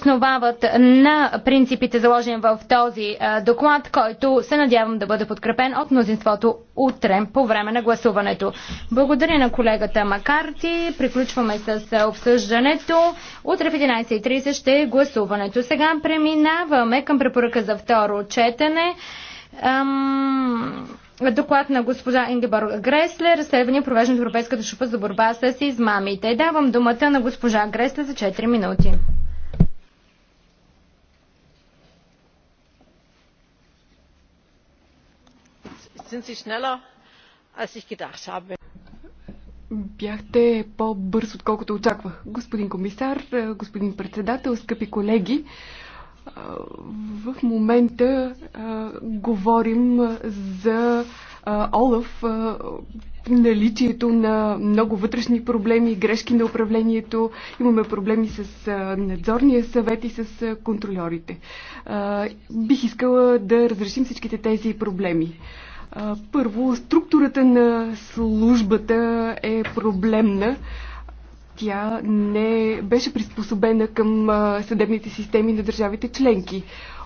основават на принципите заложени в този доклад, който се надявам да бъде подкрепен от мнозинството утре по време на гласуването. Благодаря на колегата Макарти. Приключваме с обсъждането. Утре в 11.30 ще е гласуването. Сега преминаваме към препоръка за второ четене. Ам... Доклад на госпожа Ингебор Гресле. разследване провеждане от Европейската шупа за борба с измамите. Давам думата на госпожа Гресле за 4 минути. sind Sie schneller, als ich gedacht habe. Бяхте по-бърз, отколкото очаквах. Господин комисар, господин председател, скъпи колеги, в момента говорим за Олаф, наличието на много вътрешни проблеми, грешки на управлението. Имаме проблеми с надзорния съвет и с контролерите. бих искала да разрешим всичките тези проблеми. Първо, структурата на службата е проблемна. Тя не беше приспособена към съдебните системи на държавите членки.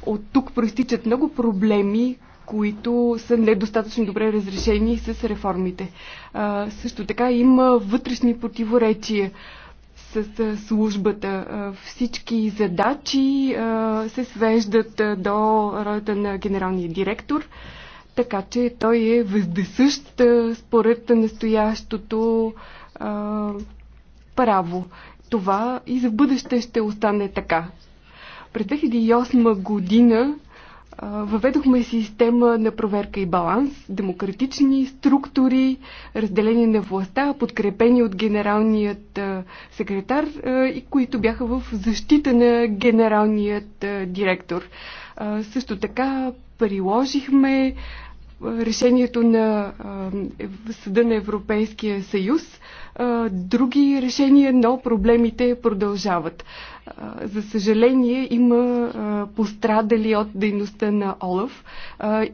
От тук проистичат много проблеми, които са недостатъчно добре разрешени с реформите. А, също така има вътрешни противоречия с службата. Всички задачи а, се свеждат до ролята на генералния директор. А, така че той е въздесъщ според настоящото а, право. Това и за бъдеще ще остане така. През 2008 година а, въведохме система на проверка и баланс, демократични структури, разделение на властта, подкрепени от генералният а, секретар а, и които бяха в защита на генералният а, директор. А, също така приложихме решението на е, Съда на Европейския съюз, други решения, но проблемите продължават. За съжаление, има пострадали от дейността на Олаф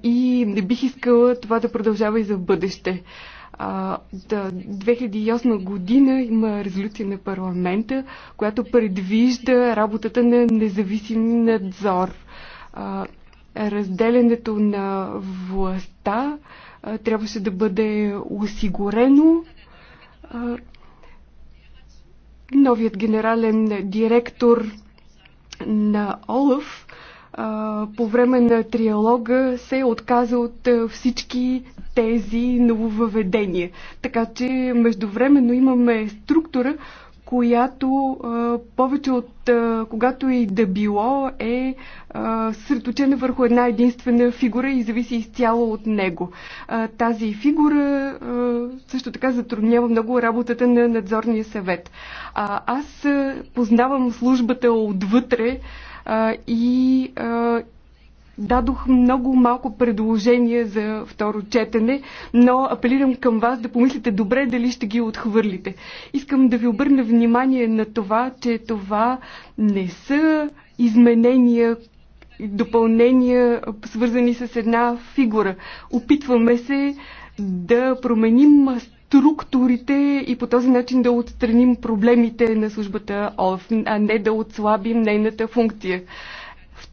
и не бих искала това да продължава и за бъдеще. Да, 2008 година има резолюция на парламента, която предвижда работата на независим надзор разделянето на властта трябваше да бъде осигурено. Новият генерален директор на ОЛАФ по време на триалога се е отказа от всички тези нововъведения. Така че междувременно имаме структура, която а, повече от а, когато и да било е а, върху една единствена фигура и зависи изцяло от него. А, тази фигура а, също така затруднява много работата на надзорния съвет. А, аз а, познавам службата отвътре а, и а, Дадох много малко предложения за второ четене, но апелирам към вас да помислите добре дали ще ги отхвърлите. Искам да ви обърна внимание на това, че това не са изменения, допълнения, свързани с една фигура. Опитваме се да променим структурите и по този начин да отстраним проблемите на службата ОЛФ, а не да отслабим нейната функция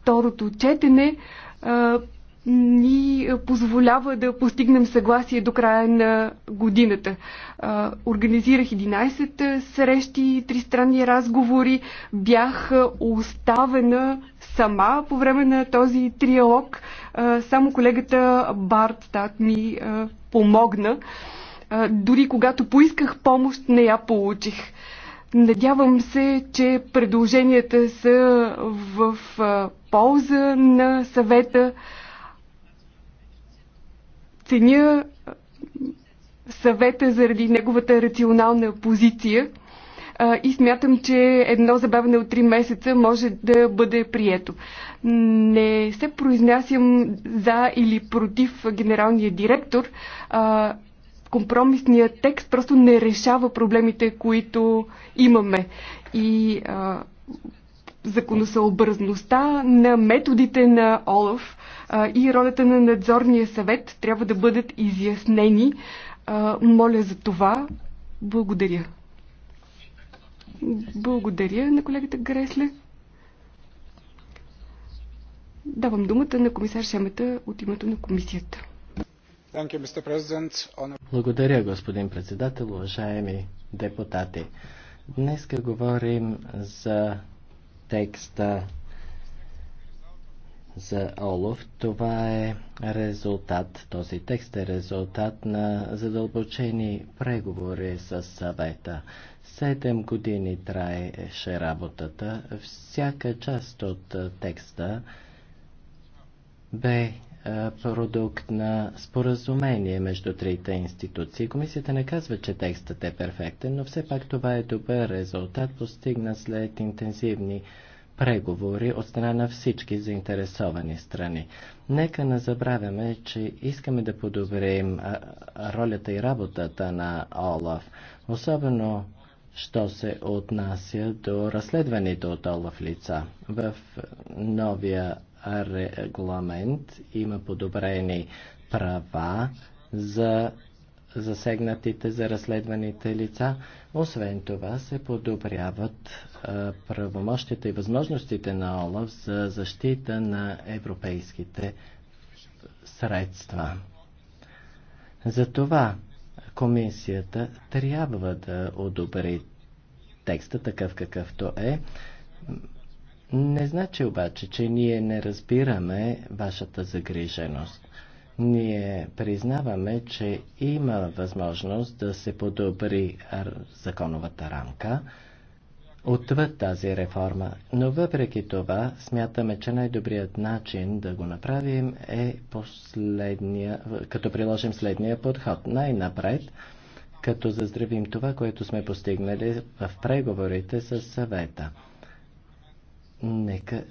второто четене а, ни позволява да постигнем съгласие до края на годината. А, организирах 11 срещи, тристранни разговори, бях оставена сама по време на този триалог. А, само колегата Барт Стат ми а, помогна. А, дори когато поисках помощ, не я получих. Надявам се, че предложенията са в полза на съвета. Ценя съвета заради неговата рационална позиция и смятам, че едно забавене от 3 месеца може да бъде прието. Не се произнасям за или против генералния директор компромисният текст просто не решава проблемите, които имаме. И а, законосъобразността на методите на Олаф а, и ролята на надзорния съвет трябва да бъдат изяснени. А, моля за това. Благодаря. Благодаря на колегата Гресле. Давам думата на комисар Шемета от името на комисията. Благодаря, господин председател, уважаеми депутати. Днес говорим за текста за Олов. Това е резултат, този текст е резултат на задълбочени преговори с съвета. Седем години траеше работата. Всяка част от текста бе е, продукт на споразумение между трите институции. Комисията не казва, че текстът е перфектен, но все пак това е добър резултат, постигна след интензивни преговори от страна на всички заинтересовани страни. Нека не забравяме, че искаме да подобрим ролята и работата на ОЛАФ, особено що се отнася до разследваните от ОЛАФ лица. В новия регламент има подобрени права за засегнатите за разследваните лица. Освен това се подобряват правомощите и възможностите на ОЛАВ за защита на европейските средства. Затова комисията трябва да одобри текста такъв какъвто е. Не значи обаче, че ние не разбираме вашата загриженост. Ние признаваме, че има възможност да се подобри законовата рамка отвъд тази реформа, но въпреки това смятаме, че най-добрият начин да го направим е последния, като приложим следния подход. Най-напред като заздравим това, което сме постигнали в преговорите с съвета. Нека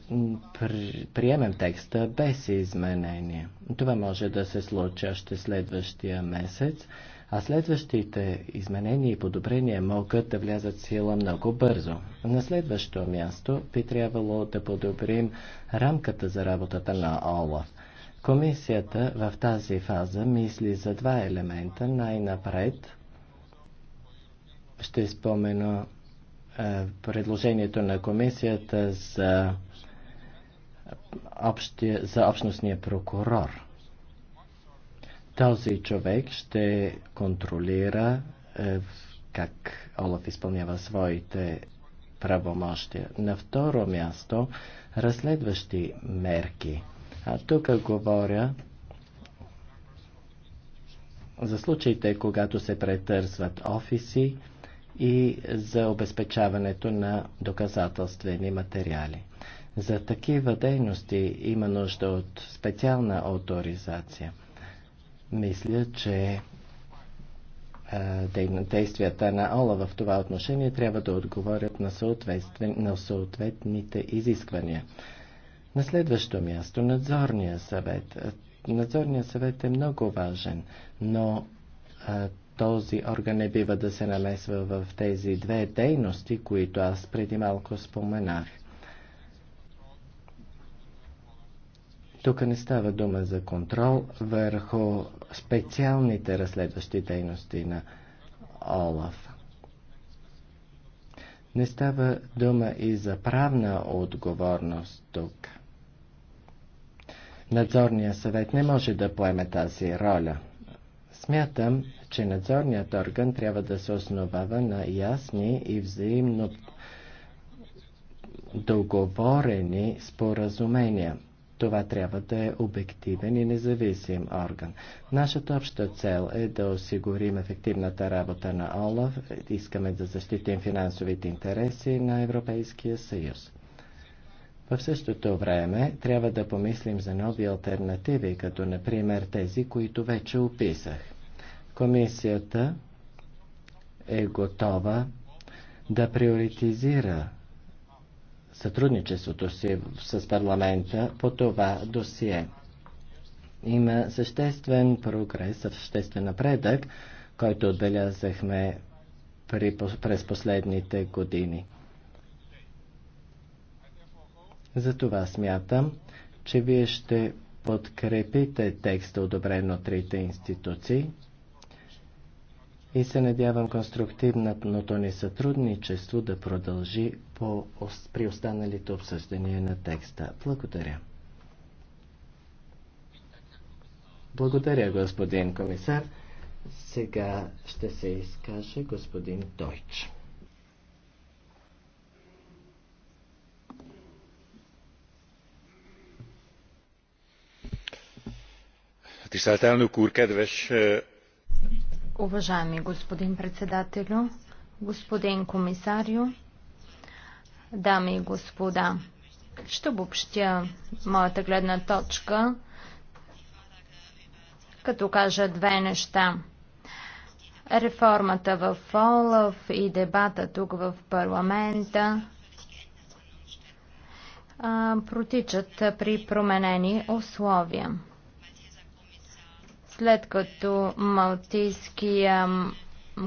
приемем текста без изменение. Това може да се случи още следващия месец, а следващите изменения и подобрения могат да влязат сила много бързо. На следващо място би трябвало да подобрим рамката за работата на ОЛАФ. Комисията в тази фаза мисли за два елемента. Най-напред ще спомена е, предложението на комисията за, общия, за общностния прокурор. Този човек ще контролира е, как Олаф изпълнява своите правомощия. На второ място разследващи мерки. А тук говоря за случаите, когато се претърсват офиси, и за обезпечаването на доказателствени материали. За такива дейности има нужда от специална авторизация. Мисля, че действията на ОЛА в това отношение трябва да отговорят на, на съответните изисквания. На следващо място, надзорния съвет. Надзорният съвет е много важен, но този орган не бива да се намесва в тези две дейности, които аз преди малко споменах. Тук не става дума за контрол върху специалните разследващи дейности на ОЛАФ. Не става дума и за правна отговорност тук. Надзорният съвет не може да поеме тази роля. Смятам, че надзорният орган трябва да се основава на ясни и взаимно договорени споразумения. Това трябва да е обективен и независим орган. Нашата обща цел е да осигурим ефективната работа на ОЛАФ. Искаме да защитим финансовите интереси на Европейския съюз. В същото време трябва да помислим за нови альтернативи, като например тези, които вече описах. Комисията е готова да приоритизира сътрудничеството си с парламента по това досие. Има съществен прогрес, съществен напредък, който отбелязахме при, през последните години. Затова смятам, че вие ще подкрепите текста, одобрен от трите институции и се надявам конструктивното ни сътрудничество да продължи по, при останалите обсъждания на текста. Благодаря. Благодаря, господин комисар. Сега ще се изкаже господин Дойч. Tisztelt кур, кедвеш, Уважаеми господин председателю, господин комисарио, дами и господа, ще обобщя моята гледна точка, като кажа две неща. Реформата в ОЛАВ и дебата тук в парламента протичат при променени условия. След като малтийския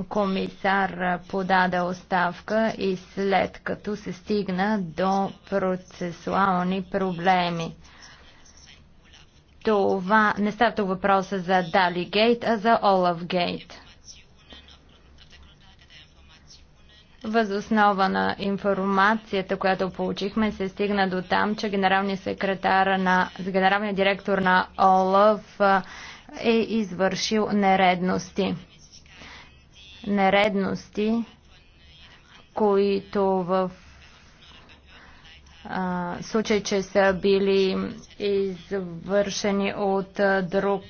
комисар подаде оставка и след като се стигна до процесуални проблеми. Това не става тук въпроса за Дали Гейт, а за Олаф Гейт. Възоснова на информацията, която получихме, се стигна до там, че генералният секретар на, генералният директор на ОЛАВ е извършил нередности. Нередности, които в случай, че са били извършени от друг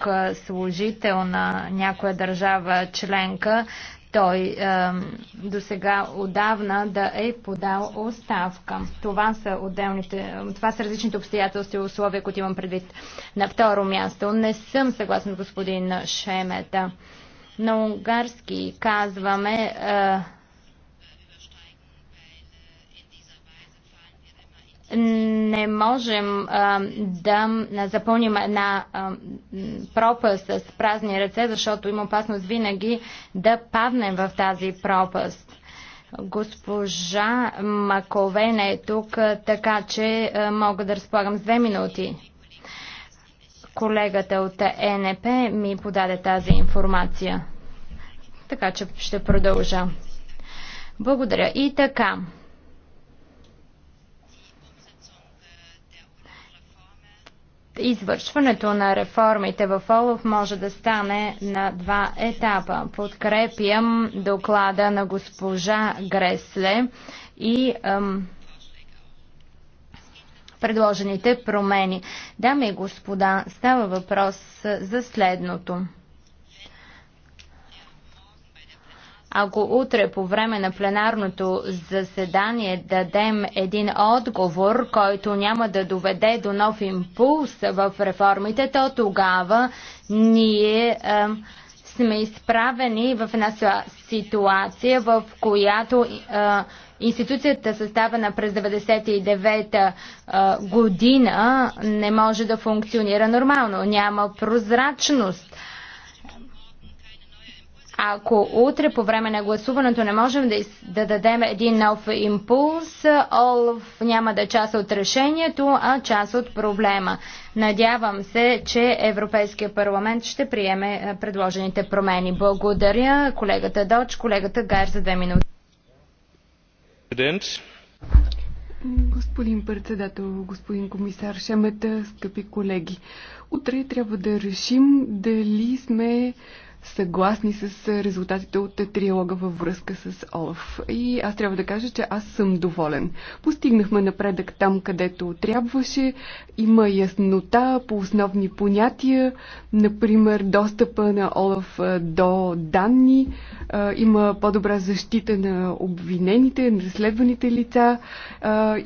служител на някоя държава членка, той е, до сега отдавна да е подал оставка. Това са, отделните, това са различните обстоятелства и условия, които имам предвид. На второ място не съм съгласна с господин Шемета. На унгарски казваме е, не можем а, да запълним една а, пропаст с празни ръце, защото има опасност винаги да паднем в тази пропаст. Госпожа Маковен е тук, така че мога да разполагам с две минути. Колегата от ЕНП ми подаде тази информация. Така че ще продължа. Благодаря. И така. Извършването на реформите в ОЛАФ може да стане на два етапа. Подкрепям доклада на госпожа Гресле и ам, предложените промени. Дами и господа, става въпрос за следното. Ако утре по време на пленарното заседание дадем един отговор, който няма да доведе до нов импулс в реформите, то тогава ние е, сме изправени в една ситуация, в която е, институцията съставена през 99 е, година не може да функционира нормално. Няма прозрачност. Ако утре по време на гласуването не можем да, да дадем един нов импулс, ОЛФ няма да е част от решението, а част от проблема. Надявам се, че Европейския парламент ще приеме е, предложените промени. Благодаря колегата Доч, колегата Гар за две минути. Господин председател, господин комисар Шемета, скъпи колеги, утре трябва да решим дали сме съгласни с резултатите от триалога във връзка с Олаф. И аз трябва да кажа, че аз съм доволен. Постигнахме напредък там, където трябваше. Има яснота по основни понятия, например достъпа на Олаф до данни. Има по-добра защита на обвинените, на разследваните лица.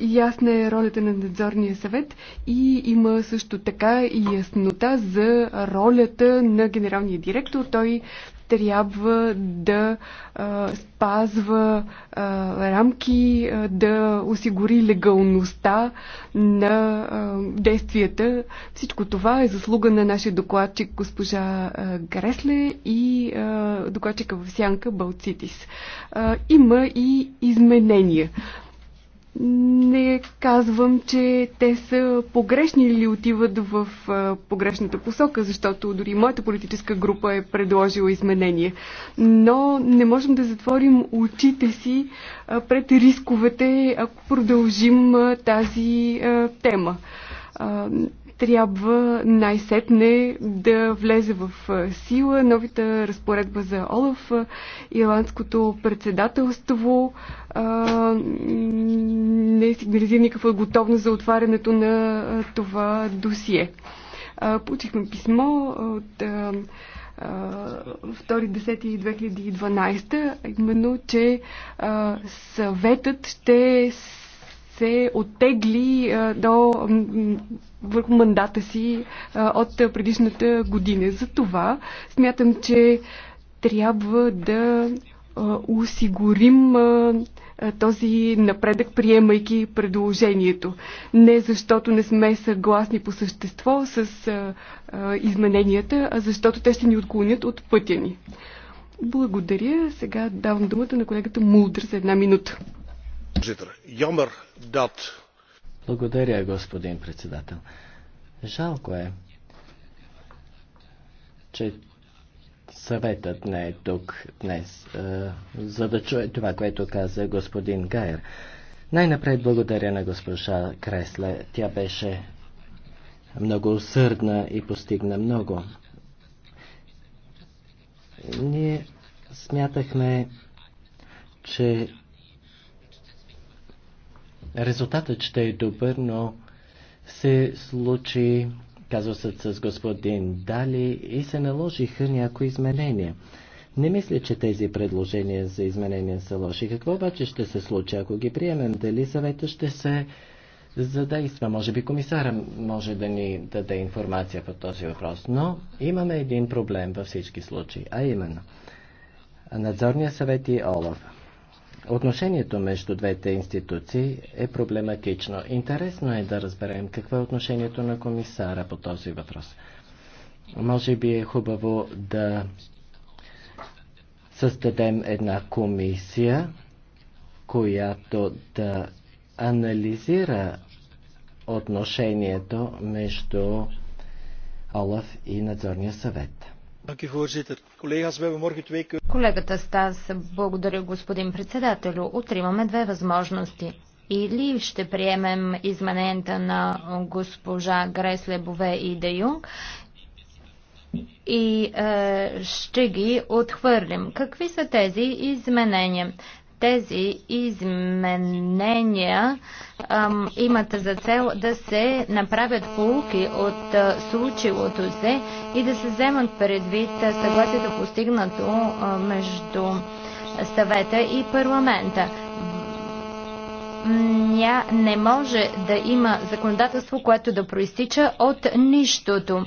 И ясна е ролята на надзорния съвет. И има също така и яснота за ролята на генералния директор. Той той трябва да а, спазва а, рамки, а, да осигури легалността на а, действията. Всичко това е заслуга на нашия докладчик госпожа а, Гресле и а, докладчика в Сянка Балцитис. А, има и изменения. Не казвам, че те са погрешни или отиват в погрешната посока, защото дори моята политическа група е предложила изменение. Но не можем да затворим очите си пред рисковете, ако продължим тази тема трябва най-сетне да влезе в сила новата разпоредба за Олаф, ирландското председателство а, не сигнализира никаква готовност за отварянето на това досие. А, получихме писмо от а, 2.10.2012, именно, че а, съветът ще се оттегли до върху мандата си от предишната година. За това смятам, че трябва да осигурим този напредък, приемайки предложението. Не защото не сме съгласни по същество с измененията, а защото те ще ни отклонят от пътя ни. Благодаря. Сега давам думата на колегата Мулдър за една минута. Благодаря, господин председател. Жалко е, че съветът не е тук днес, за да чуе това, което каза господин Гайер. Най-напред благодаря на госпожа Кресле. Тя беше много усърдна и постигна много. Ние смятахме, че резултатът ще е добър, но се случи казусът с господин Дали и се наложиха някои изменения. Не мисля, че тези предложения за изменения са лоши. Какво обаче ще се случи, ако ги приемем? Дали съвета ще се задейства? Може би комисара може да ни даде информация по този въпрос. Но имаме един проблем във всички случаи, а именно надзорния съвет и Олаф. Отношението между двете институции е проблематично. Интересно е да разберем какво е отношението на комисара по този въпрос. Може би е хубаво да създадем една комисия, която да анализира отношението между Олаф и надзорния съвет. Колегата Стас, благодаря господин председателю. Утре имаме две възможности. Или ще приемем измененията на госпожа Гресле Бове и Де Юнг и е, ще ги отхвърлим. Какви са тези изменения? тези изменения имат за цел да се направят полуки от случилото се и да се вземат предвид съгласието постигнато между съвета и парламента. Ня, не може да има законодателство, което да проистича от нищото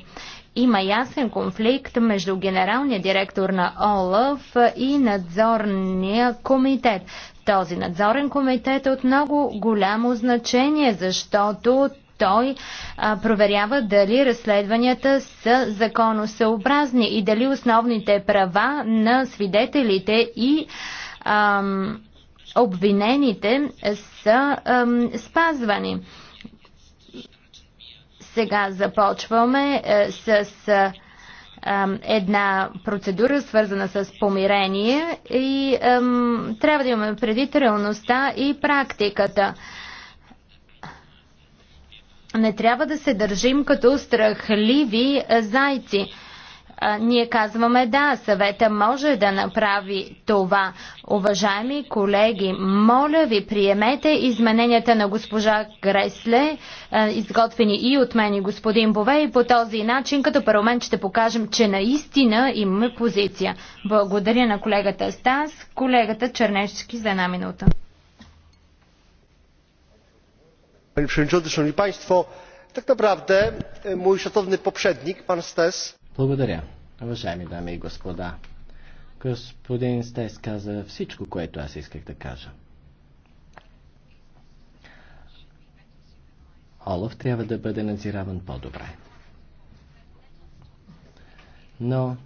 има ясен конфликт между генералния директор на ОЛАФ и надзорния комитет. Този надзорен комитет е от много голямо значение, защото той а, проверява дали разследванията са законосъобразни и дали основните права на свидетелите и ам, обвинените са ам, спазвани. Сега започваме е, с е, една процедура, свързана с помирение и трябва да имаме предвид реалността и практиката. Не трябва да се държим като страхливи е, зайци. А, ние казваме да, съвета може да направи това. Уважаеми колеги, моля ви, приемете измененията на госпожа Гресле, а, изготвени и от мен и господин Бове, и по този начин като парламент ще покажем, че наистина имаме позиция. Благодаря на колегата Стас, колегата Чернешки за една минута. Panie Przewodniczący, Szanowni Państwo! tak naprawdę e, mój szacowny poprzednik pan Stes, благодаря. Уважаеми дами и господа, господин Стес каза всичко, което аз исках да кажа. Олов трябва да бъде надзираван по-добре. Но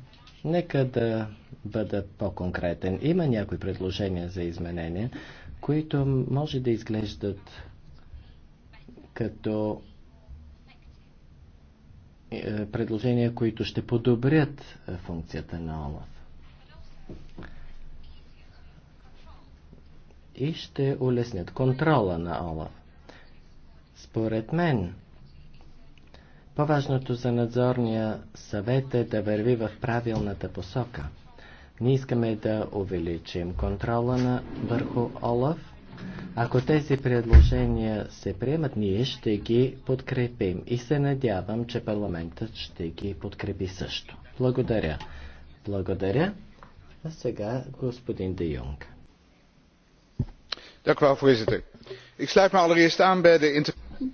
нека да бъда по-конкретен. Има някои предложения за изменения, които може да изглеждат като е, предложения, които ще подобрят е, функцията на ОЛАФ. И ще улеснят контрола на ОЛАФ. Според мен, по-важното за надзорния съвет е да върви в правилната посока. Ние искаме да увеличим контрола на върху ОЛАФ ако тези предложения се приемат, ние ще ги подкрепим и се надявам, че парламентът ще ги подкрепи също. Благодаря. Благодаря. А сега господин Де Йонг.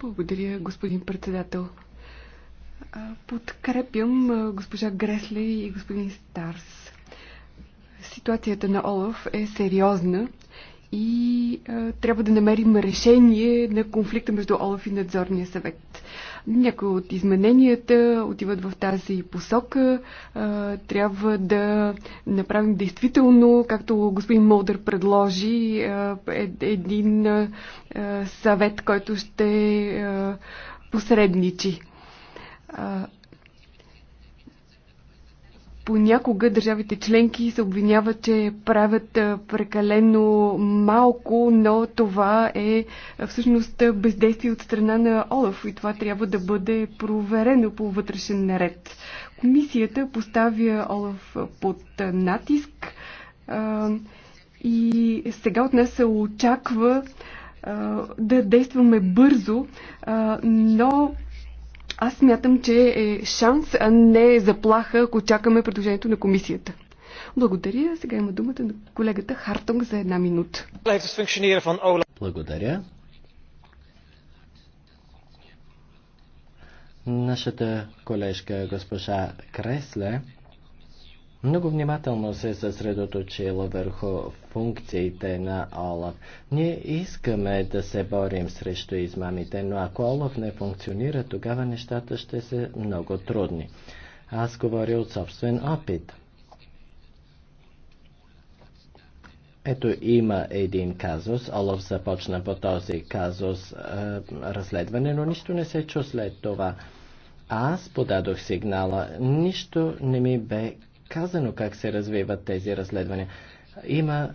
Благодаря, господин председател. Подкрепям госпожа Гресле и господин Старс. Ситуацията на Олаф е сериозна и а, трябва да намерим решение на конфликта между Олаф и надзорния съвет. Някои от измененията отиват в тази посока. А, трябва да направим действително, както господин Молдър предложи, а, е, един а, съвет, който ще а, посредничи. А, понякога държавите членки се обвиняват, че правят прекалено малко, но това е всъщност бездействие от страна на Олаф и това трябва да бъде проверено по вътрешен наред. Комисията поставя Олаф под натиск и сега от нас се очаква да действаме бързо, но аз смятам, че е шанс, а не е заплаха, ако чакаме предложението на комисията. Благодаря. Сега има думата на колегата Хартонг за една минута. Благодаря. Нашата колежка госпожа Кресле много внимателно се съсредоточила върху функциите на Олаф. Ние искаме да се борим срещу измамите, но ако Олаф не функционира, тогава нещата ще са много трудни. Аз говоря от собствен опит. Ето има един казус. Олаф започна по този казус е, разследване, но нищо не се чу след това. Аз подадох сигнала. Нищо не ми бе казано как се развиват тези разследвания. Има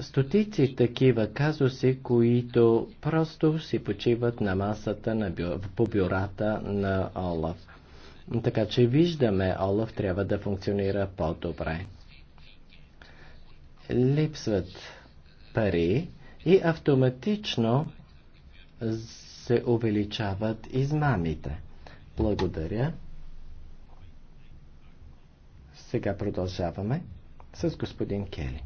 стотици такива казуси, които просто си почиват на масата на бю... по бюрата на Олаф. Така че виждаме, Олаф трябва да функционира по-добре. Липсват пари и автоматично се увеличават измамите. Благодаря. Сега продължаваме с господин Кели.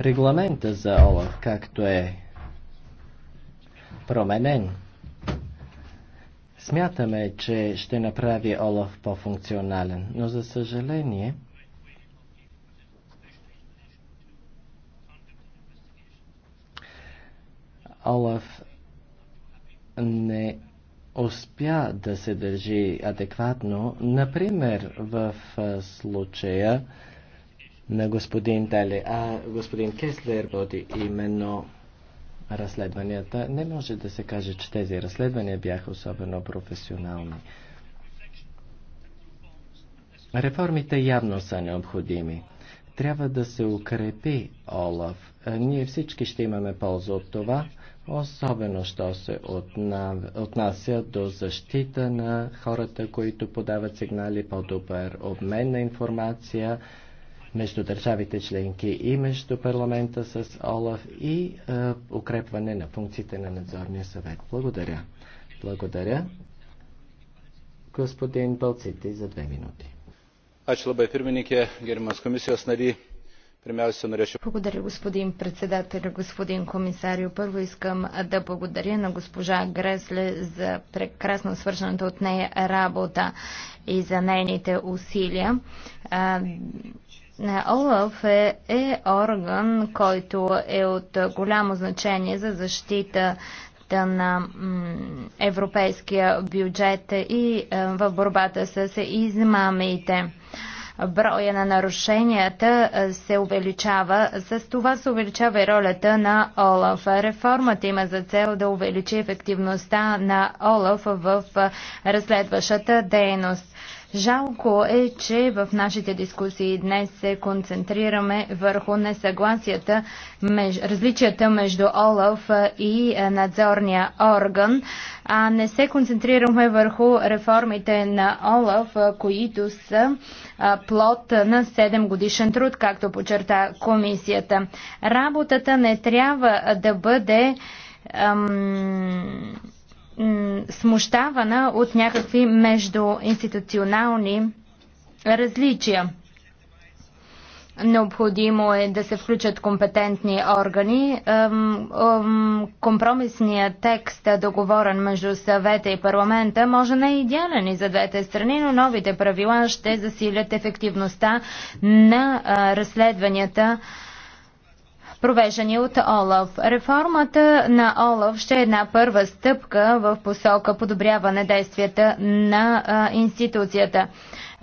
Регламента за ОЛАФ, както е променен, смятаме, че ще направи ОЛАФ по-функционален, но за съжаление ОЛАФ не успя да се държи адекватно. Например, в случая на господин Дали, а господин Кеслер води именно разследванията. Не може да се каже, че тези разследвания бяха особено професионални. Реформите явно са необходими. Трябва да се укрепи Олаф. Ние всички ще имаме полза от това особено що се отнася до защита на хората, които подават сигнали, по-добър обмен на информация между държавите членки и между парламента с ОЛАФ и е, укрепване на функциите на надзорния съвет. Благодаря. Благодаря. Господин Балцити за две минути. Ачлабе фирменики, германска комисия снади. Благодаря, господин председател, господин комисарио. Първо искам да благодаря на госпожа Гресле за прекрасно свършената от нея работа и за нейните усилия. ОЛАФ е, е орган, който е от голямо значение за защита на европейския бюджет и в борбата с измамите броя на нарушенията се увеличава. С това се увеличава и ролята на ОЛАФ. Реформата има за цел да увеличи ефективността на ОЛАФ в разследващата дейност. Жалко е, че в нашите дискусии днес се концентрираме върху несъгласията, меж, различията между ОЛАФ и е, надзорния орган, а не се концентрираме върху реформите на ОЛАФ, е, които са е, плод на 7 годишен труд, както почерта комисията. Работата не трябва да бъде ам, смущавана от някакви междуинституционални различия. Необходимо е да се включат компетентни органи. Компромисният текст, договорен между съвета и парламента, може не е идеален и за двете страни, но новите правила ще засилят ефективността на разследванията провеждани от ОЛАФ. Реформата на ОЛАФ ще е една първа стъпка в посока подобряване действията на а, институцията.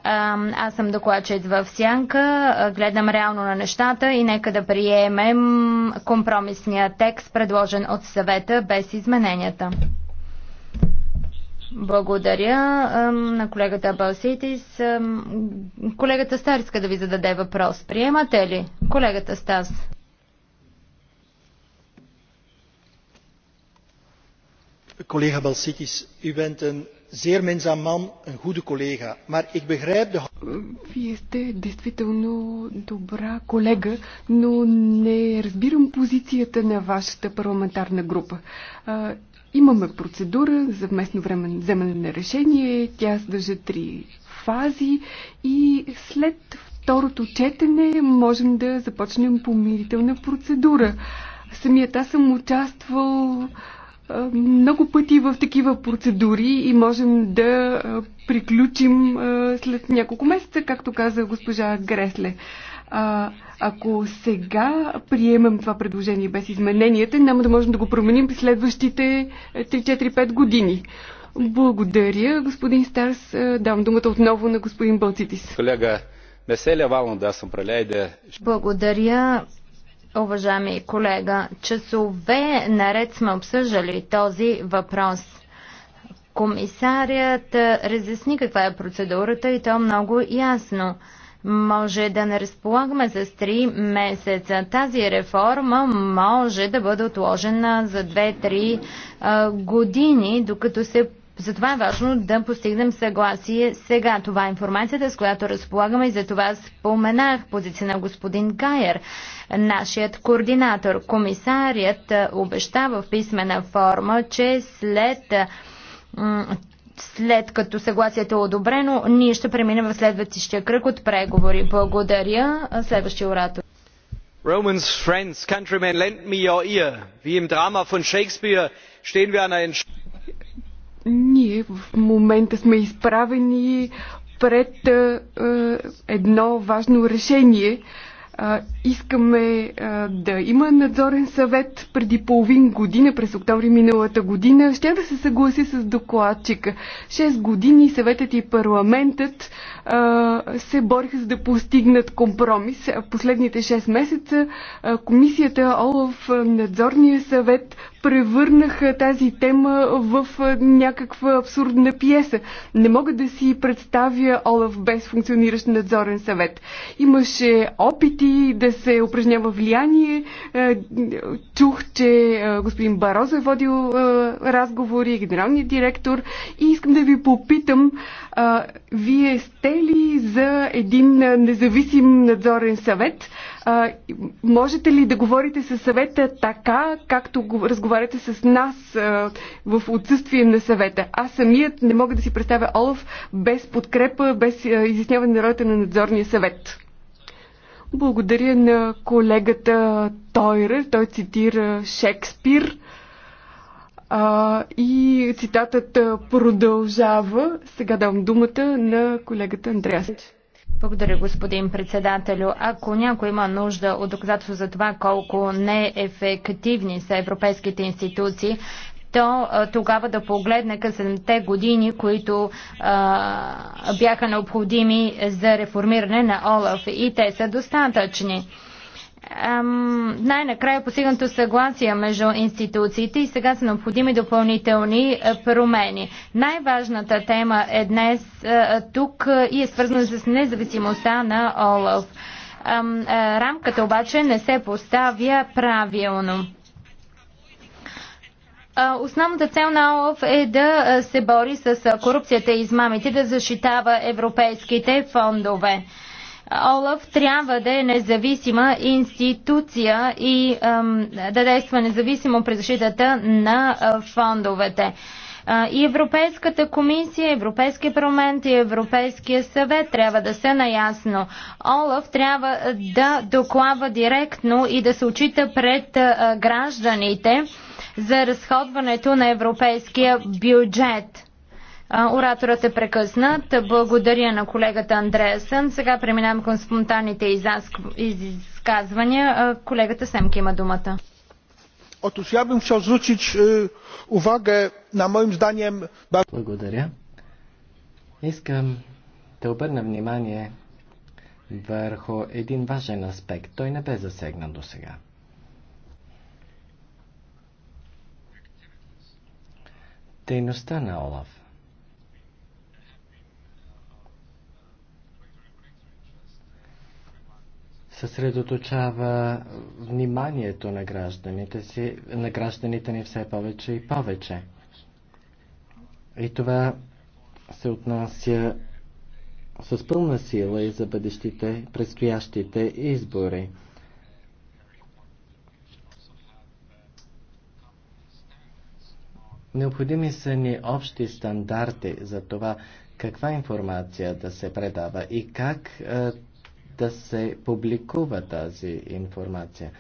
А, аз съм докладчет в Сянка, гледам реално на нещата и нека да приемем компромисния текст, предложен от съвета без измененията. Благодаря на колегата Балситис. Колегата Стариска да ви зададе въпрос. Приемате ли? Колегата Стас. collega balytis u bent een zeer minzaam man, een goede collega, maar ik begrijp de... Ehm, Вие сте действително добра колега, но не разбирам позицията на вашата парламентарна група. А, имаме процедура за местно време вземане на решение, тя съдържа три фази и след второто четене можем да започнем помирителна процедура. Самият аз съм участвал много пъти в такива процедури и можем да приключим след няколко месеца, както каза госпожа Гресле. А, ако сега приемем това предложение без измененията, няма да можем да го променим през следващите 3-4-5 е, години. Благодаря, господин Старс. Дам думата отново на господин Балцитис. Колега, е вална да съм преляйде. Благодаря. Уважаеми колега, часове наред сме обсъждали този въпрос. Комисарият разясни каква е процедурата и то много ясно. Може да не разполагаме с 3 месеца. Тази реформа може да бъде отложена за 2-3 години, докато се затова е важно да постигнем съгласие сега. Това е информацията, с която разполагаме и за това споменах позиция на господин Гайер, нашият координатор. Комисарият обещава в писмена форма, че след след като съгласието е одобрено, ние ще преминем в следващия кръг от преговори. Благодаря. Следващия оратор. Romans, friends, countrymen, lend me your ear. Wie im Drama von Shakespeare stehen wir an einer ние в момента сме изправени пред а, едно важно решение. А, искаме а, да има надзорен съвет преди половин година, през октомври миналата година. Ще да се съгласи с докладчика. Шест години съветът и парламентът а, се бориха за да постигнат компромис. Последните 6 месеца а, комисията ОЛАФ, надзорния съвет, превърнаха тази тема в някаква абсурдна пиеса. Не мога да си представя Олаф без функциониращ надзорен съвет. Имаше опити да се упражнява влияние. Е, чух, че е, господин Барозо е водил е, разговори, генералният директор. И искам да ви попитам, вие сте ли за един независим надзорен съвет? А, можете ли да говорите със съвета така, както разговаряте с нас а, в отсъствие на съвета? Аз самият не мога да си представя Олаф без подкрепа, без а, изясняване на ролята на надзорния съвет. Благодаря на колегата Тойра. Той цитира Шекспир. А, и цитатът продължава. Сега давам думата на колегата Андреас. Благодаря, господин председателю. Ако някой има нужда от доказателство за това колко неефективни са европейските институции, то тогава да погледне към 7-те години, които а, бяха необходими за реформиране на ОЛАФ. И те са достатъчни най-накрая постигнато съгласие между институциите и сега са необходими допълнителни е, промени. Най-важната тема е днес е, е, тук и е свързана с независимостта на ОЛАФ. Рамката обаче не се поставя правилно. Основната цел на ОЛАФ е да се бори с корупцията и измамите, да защитава европейските фондове. Олаф трябва да е независима институция и да действа независимо при защитата на фондовете. И Европейската комисия, Европейския парламент и Европейския съвет трябва да са наясно. Олаф трябва да доклава директно и да се очита пред гражданите за разходването на европейския бюджет. Ораторът е прекъснат. Благодаря на колегата Андреасън. Сега преминавам към спонтанните изказвания. Колегата Семки има думата. Otóż я бим chciał zwrócić е, увага на моим зданием. Благодаря. Искам да обърна внимание върху един важен аспект. Той не бе засегнат до сега. Дейността на Олаф. съсредоточава вниманието на гражданите си, на гражданите ни все повече и повече. И това се отнася с пълна сила и за бъдещите, предстоящите избори. Необходими са ни общи стандарти за това каква информация да се предава и как е, да се публикува тази информация.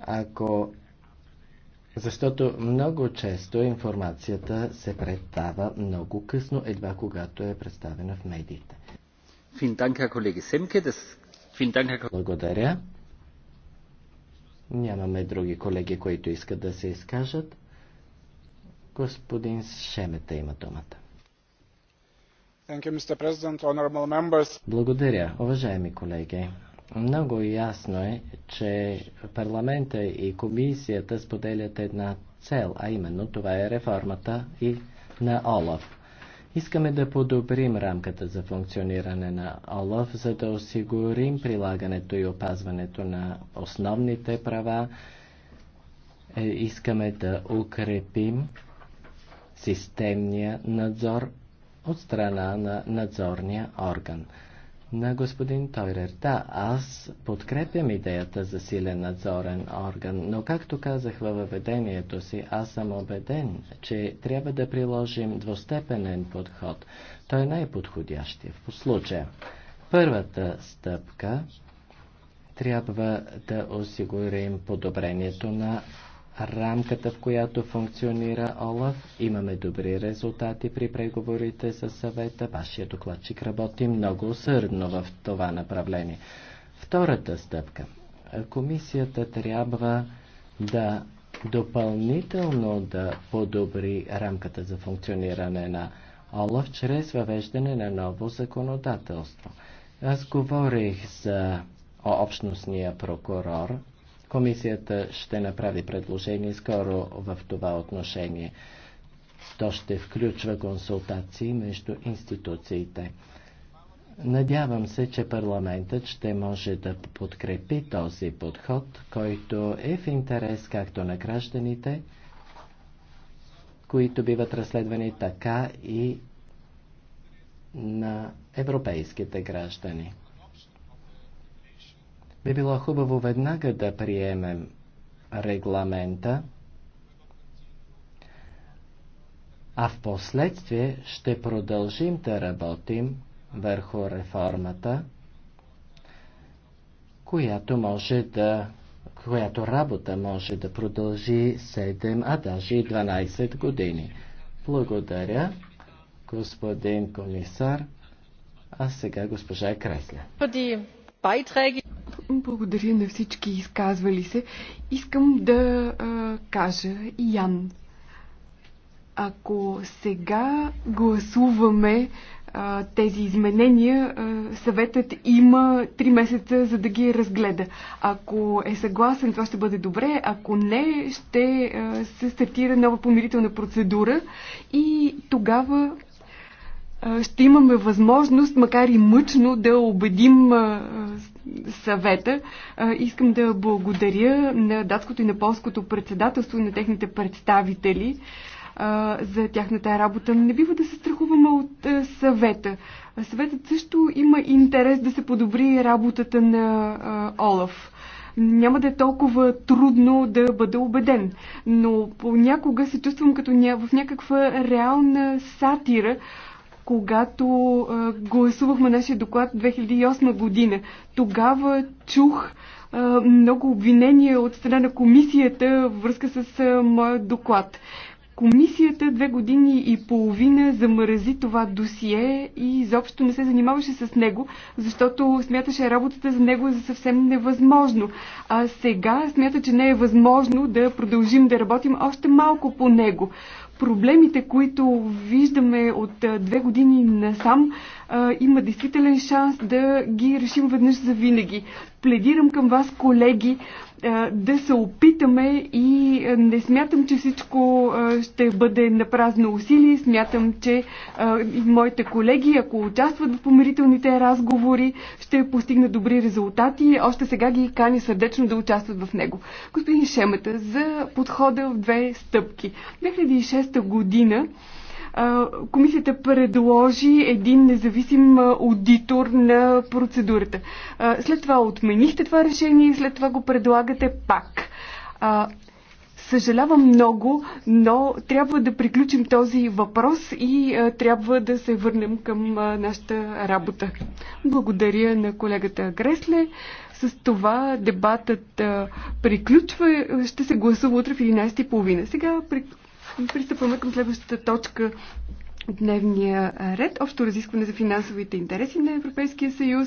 Ако защото много често информацията се предава много късно, едва когато е представена в медиите. Благодаря. Нямаме други колеги, които искат да се изкажат. Господин Шемета има думата. Благодаря, уважаеми колеги. Много ясно е, че парламента и комисията споделят една цел, а именно това е реформата и на ОЛАФ. Искаме да подобрим рамката за функциониране на ОЛАФ, за да осигурим прилагането и опазването на основните права. Е, искаме да укрепим системния надзор от страна на надзорния орган. На господин Тойрер, да, аз подкрепям идеята за силен надзорен орган, но както казах във въведението си, аз съм убеден, че трябва да приложим двустепенен подход. Той е най-подходящия в случая. Първата стъпка трябва да осигурим подобрението на рамката, в която функционира ОЛАФ. Имаме добри резултати при преговорите с съвета. Вашия докладчик работи много усърдно в това направление. Втората стъпка. Комисията трябва да допълнително да подобри рамката за функциониране на ОЛАФ чрез въвеждане на ново законодателство. Аз говорих за общностния прокурор, Комисията ще направи предложение скоро в това отношение. То ще включва консултации между институциите. Надявам се, че парламентът ще може да подкрепи този подход, който е в интерес както на гражданите, които биват разследвани, така и на европейските граждани. Би било хубаво веднага да приемем регламента, а в последствие ще продължим да работим върху реформата, която може да която работа може да продължи 7, а даже и 12 години. Благодаря, господин комисар. А сега госпожа Кресля. Благодаря на всички изказвали се. Искам да а, кажа, Ян, ако сега гласуваме а, тези изменения, а, съветът има 3 месеца за да ги разгледа. Ако е съгласен, това ще бъде добре. Ако не, ще а, се стартира нова помирителна процедура и тогава ще имаме възможност, макар и мъчно, да убедим съвета. Искам да благодаря на датското и на полското председателство и на техните представители за тяхната работа. Не бива да се страхуваме от съвета. Съветът също има интерес да се подобри работата на Олаф няма да е толкова трудно да бъда убеден. Но понякога се чувствам като ня... в някаква реална сатира, когато а, гласувахме нашия доклад 2008 година. Тогава чух а, много обвинения от страна на комисията във връзка с а, моят доклад. Комисията две години и половина замрази това досие и изобщо не се занимаваше с него, защото смяташе работата за него за е съвсем невъзможно. А сега смята, че не е възможно да продължим да работим още малко по него. Проблемите, които виждаме от две години насам, има действителен шанс да ги решим веднъж за винаги. Пледирам към вас, колеги, е, да се опитаме и е, не смятам, че всичко е, ще бъде на празно усилие. Смятам, че моите колеги, ако участват в помирителните разговори, ще постигнат добри резултати. Още сега ги кани сърдечно да участват в него. Господин Шемета, за подхода в две стъпки. 2006 година комисията предложи един независим аудитор на процедурата. След това отменихте това решение и след това го предлагате пак. Съжалявам много, но трябва да приключим този въпрос и трябва да се върнем към нашата работа. Благодаря на колегата Гресле. С това дебатът приключва. Ще се гласува утре в 11.30. Сега при... Пристъпваме към следващата точка от дневния ред. Общо разискване за финансовите интереси на Европейския съюз.